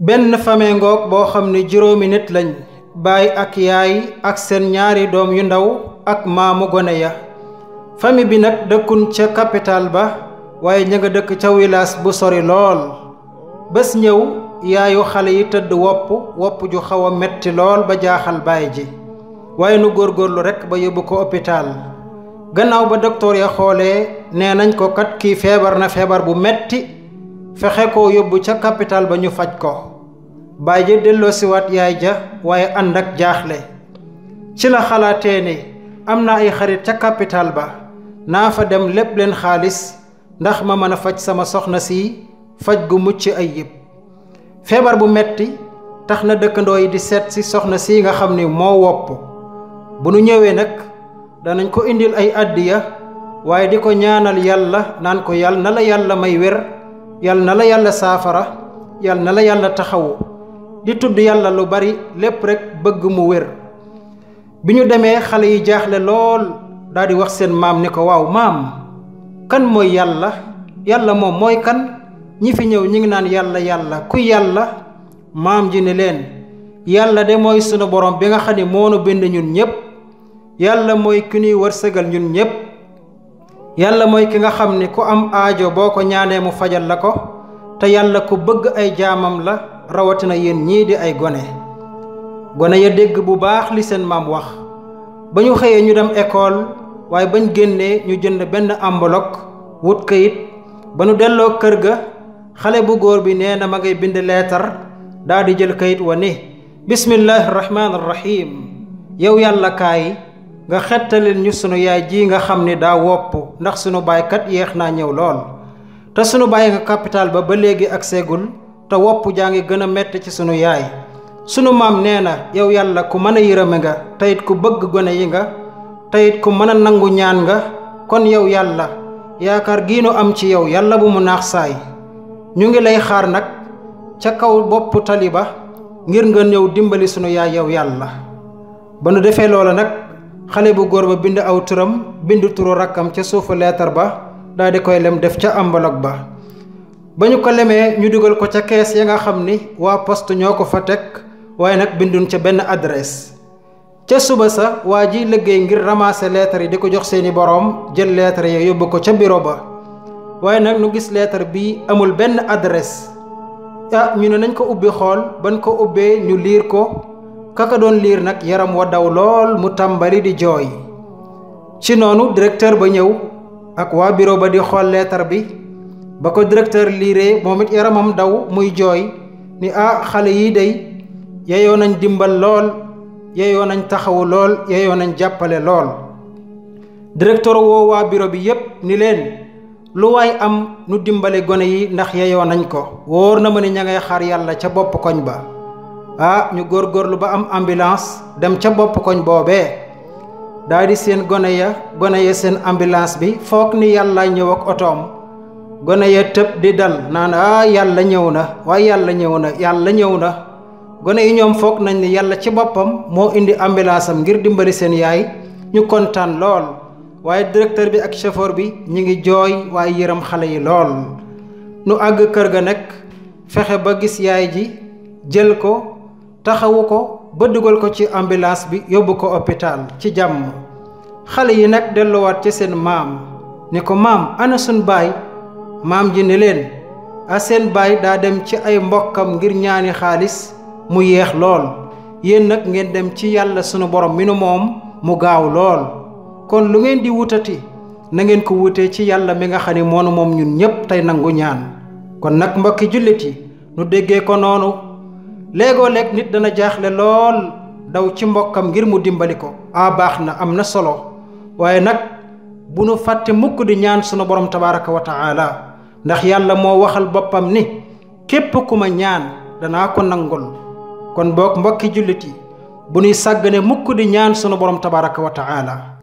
benn famille ngoog boo xam ne juróomi nit lañ baay ak yaay ak seen ñaari doom yu ndaw ak maamu gone ya famille bi nag dëkkun ca capital ba waaye ña nga dëkk ca wilaas bu sori lool bés ñëw yaayu xale yi tëdd wopp wopp ju xaw a metti lool ba jaaxal baay ji waaye nu góor góorlu rekk ba yóbbu ko hôpital gannaaw ba docteur ya xoolee nee nañ ko kat kii feebar na feebar bu metti fexe ko yóbbu ca capital ba ñu faj ko baay ja delloosiwaat yaay ja waaye ànd ak jaaxle ci la xalaatee ne am na ay xarit ca capital ba naa fa dem lépp leen xaalis ndax ma mën a faj sama soxna si faj gu mucc ay ayib feebar bu metti tax na dëkkandoo yi di seet si soxna si nga xam ni moo wopp bu nu ñëwee nag danañ ko indil ay àddiya waaye di ko ñaanal yàlla naan ko yàlla na la yàlla may wér yàlla na la yàlla saafara yàlla na la yàlla taxawu di tudd yàlla lu bari lépp rek bëgg mu wér bi ñu demee xale yi jaaxle lool daal wax seen maam ni ko waaw maam kan mooy yàlla yàlla moom mooy kan ñi fi ñëw ñi ngi naan yàlla yàlla ku yàlla maam ji ne leen yàlla de mooy sunu borom bi nga xam ne moo nu bind ñun ñépp yàlla mooy ki ñuy sëgal ñun ñépp yàlla mooy ki nga xam ni ku am aajo boo ko ñaanee mu fajal la ko te yàlla ku bëgg ay jaamam la rawatina yéen ñii di ay gone gone ya dégg bu baax li seen maam wax ba ñu xëyee ñu dem école waaye bañ génnee ñu jënd benn enveloppe wut kayit ba ñu delloo kër ga xale bu góor bi nee na ma ngay bind leetar daa di jël kayit wa ni bismillahi rahmaani yow yàlla kaay nga xettalil ñu sunu yaay ji nga xam ni daa wopp ndax sunu baay kat yéex naa ñëw lool te sunu baay nga capital ba ba léegi ak seegul te wopp jaa ngi gën a metti ci sunu yaay sunu maam nee na yow yàlla ku mën a yërëme nga teyit ku bëgg gone yi nga teyit ku mën a nangu ñaan nga kon yow yàlla yaakaar gi nu am ci yow yàlla bu mu naax saay ñu ngi lay xaar nag ca kaw boppu tali ba ngir nga ñëw dimbali sunu yaay yow yàlla ba nu defee loola nag xale bu góor ba bind aw turam bind turu rakkam ca suufu leetar ba daal koy lem def ca ambalog ba ba ñu ko lemee ñu dugal ko ca kees ya nga xam ni waa poste ñoo ko fa teg waaye nag binduñ ca benn adresse ca suba sa waa ji liggéey ngir ramasser lettre yi di ko jox seeni boroom jël lettre ya yóbbu ko ca bureau ba waaye nag ñu gis lettre bi amul benn adresse ah ñu ne nañ ko ubbi xool ban ko ubbee ñu liir ko kaka doon liir nag yaram wa daw lool mu tàmbali di jooy ci noonu directeur ba ñëw ak waa bureau ba di xool lettre bi ba ko directeur liire moom it yaramam daw muy jooy ni ah xale yii day yeyoo nañ dimbal lool yeyoo nañ taxawu lool yeyoo nañ jàppale lool directeur woo waa biro bi yépp ni leen lu waay am nu dimbale gone yi ndax yeyoo nañ ko wóor na ma ni ña ngay xar yàlla ca bopp koñ ba ah ñu góor góorlu ba am ambulance dem ca bopp koñ boobee daal di seen gone ya gone ya seen ambulance bi foog ni yàlla ñëw ak otoom gone ya tëb di dal naan ah yàlla ñëw na waa yàlla ñëw na yàlla ñëw na gone yi ñoom foog nañ ne yàlla ci boppam moo indi ambulance ngir dimbali seen yaay ñu kontaan lool waaye directeur bi ak chauffeur bi ñu ngi jooy waaye yëram xale yi lool nu àgg kër ga nag fexe ba gis yaay ji jël ko taxawu ko ba dugal ko ci ambulance bi yóbbu ko hôpital ci jàmm xale yi nag delluwaat ci seen maam ne ko maam ana sun baay maam ji ne leen baay daa dem ci ay mbokkam ngir ñaani xaalis mu yeex lool yéen nag ngeen dem ci yàlla sunu borom mi nu moom mu gaaw lool kon lu ngeen di wutati na ngeen ko wutee ci yàlla mi nga xam ne moonu moom ñun ñépp tey nangu ñaan kon nag mbokki jullit yi nu déggee ko noonu léegoo léeg nit dana jaaxle lool daw ci mbokkam ngir mu dimbali ko a baax na am na solo waaye nag bu nu fàtte mukk di ñaan sunu borom tabaraka wa taala ndax yàlla moo waxal boppam ni képp ku ma ñaan danaa ko nangul kon boog mbokki jullit yi bu nuy ñuy ne mukk di ñaan sunu borom tabaraka wa